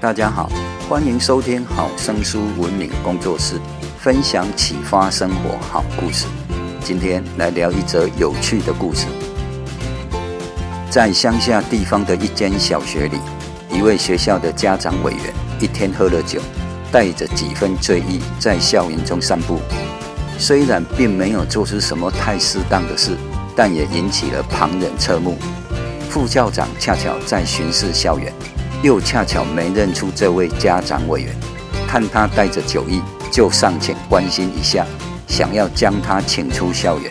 大家好，歡迎收聽好生疏文明工作室，分享啟發生活好故事。今天來聊一則有趣的故事。在鄉下地方的一間小學裡，一位學校的家長委員一天喝了酒，帶着幾分醉意在校園中散步。雖然並沒有做出什麼太適當的事，但也引起了旁人側目。副校長恰巧在巡視校園。又恰巧沒認出這位家長委員，看他帶着酒意，就上前關心一下，想要將他請出校園。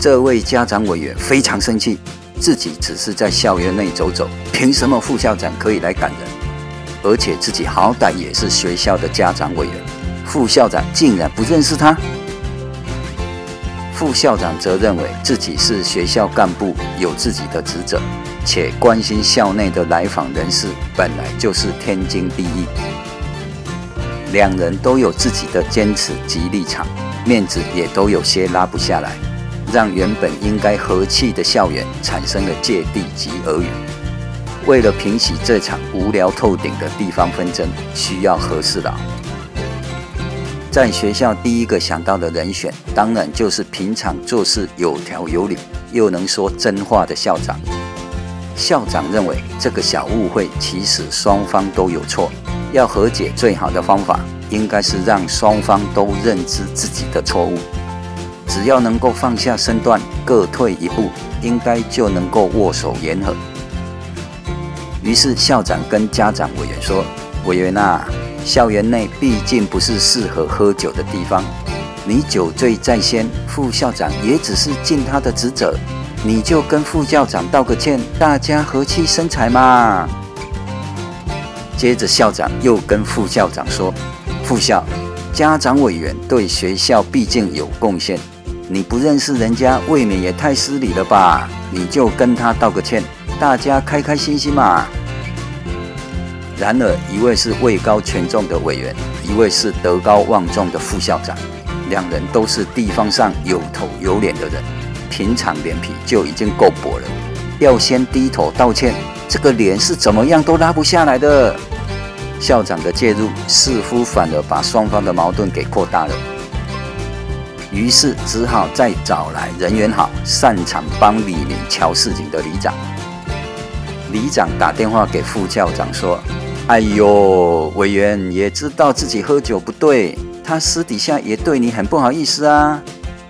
這位家長委員非常生氣，自己只是在校園內走走，憑什麼副校長可以來趕人？而且自己好歹也是學校的家長委員，副校長竟然不認識他。副校長則認為自己是學校幹部，有自己的職責，且關心校內的來訪人士本來就是天經地義。兩人都有自己的堅持及立場，面子也都有些拉不下來，讓原本應該和氣的校園產生了芥蒂及耳語。為了平息這場無聊透頂的地方紛爭，需要和事佬。在學校，第一個想到的人選，當然就是平常做事有條有理，又能說真話的校長。校長認為這個小誤會，其實雙方都有錯，要和解最好的方法，應該是讓雙方都認知自己的錯誤。只要能夠放下身段，各退一步，應該就能夠握手言和。於是校長跟家長委員說：“委員吶、啊。”校園內畢竟不是適合喝酒的地方，你酒醉在先，副校長也只是盡他的職責，你就跟副校長道個歉，大家和氣生財嘛。接着校長又跟副校長說：“副校，家長委員對學校畢竟有貢獻，你不認識人家，未免也太失禮了吧？你就跟他道個歉，大家開開心心嘛。”然而，一位是位高權重的委員，一位是德高望重的副校長，兩人都是地方上有頭有臉的人，平常臉皮就已經夠薄了，要先低頭道歉，這個臉是怎麼樣都拉不下來的。校長的介入，似乎反而把雙方的矛盾給擴大了，於是只好再找來人緣好、擅長幫李林喬事情的里長。里長打電話給副校長說。哎呦，委員也知道自己喝酒不對，他私底下也對你很不好意思啊。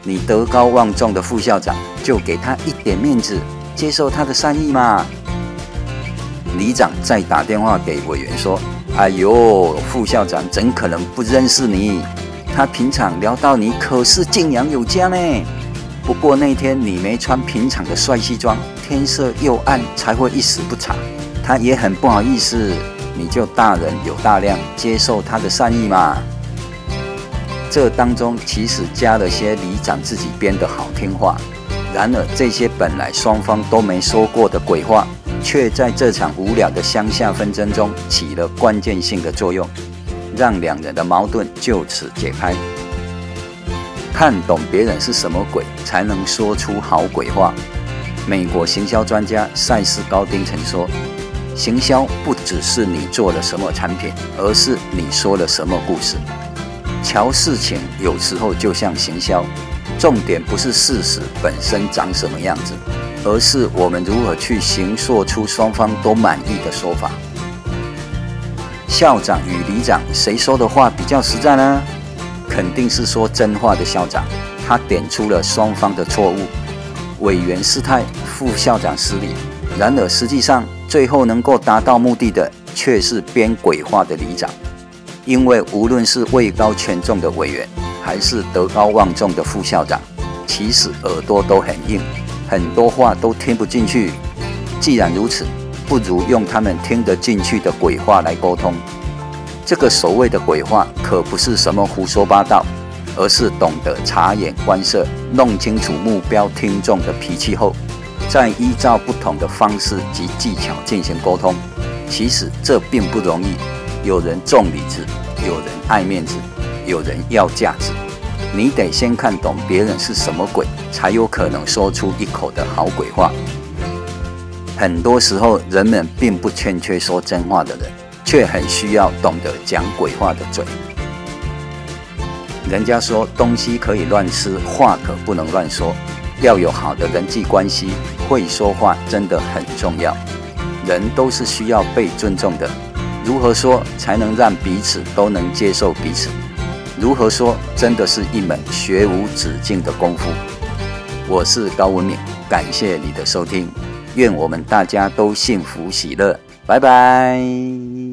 你德高望重的副校長就給他一點面子，接受他的善意嘛。里長再打電話給委員說：“哎呦，副校長怎可能不認識你？他平常聊到你可是敬仰有加呢。不過那天你沒穿平常的帥西裝，天色又暗，才會一時不察。他也很不好意思。”你就大人有大量，接受他的善意嘛。這當中其實加了些里長自己編的好聽話，然而這些本來雙方都沒說過的鬼話，卻在這場無聊的鄉下紛爭中起了關鍵性的作用，讓兩人的矛盾就此解開。看懂別人是什麼鬼，才能說出好鬼話。美國行銷專家賽斯·高丁曾說，行銷不只是你做了什麼產品，而是你說了什麼故事。喬事情，有時候就像行銷，重點不是事實本身長什麼樣子，而是我們如何去形塑說出雙方都滿意的說法。校長與里長誰說的話比較實在呢？肯定是說真話的校長，他點出了雙方的錯誤。委員失態，副校長失禮。然而，實際上，最後能夠達到目的的卻是編鬼話的里長，因為無論是位高權重的委員，還是德高望重的副校長，其實耳朵都很硬，很多話都聽不進去。既然如此，不如用他們聽得進去的鬼話來溝通。這個所謂的鬼話，可不是什麼胡說八道，而是懂得察言觀色，弄清楚目標聽眾的脾氣後。再依照不同的方式及技巧進行溝通，其實這並不容易。有人重理智，有人愛面子，有人要價值。你得先看懂別人是什麼鬼，才有可能說出一口的好鬼話。很多時候，人們並不欠缺說真話的人，卻很需要懂得講鬼話的嘴。人家說，東西可以亂吃，話可不能亂說。要有好的人際關係，會說話真的很重要。人都是需要被尊重的，如何說才能讓彼此都能接受彼此？如何說真的是一門學無止境的功夫。我是高文敏，感謝你的收聽，願我們大家都幸福喜樂，拜拜。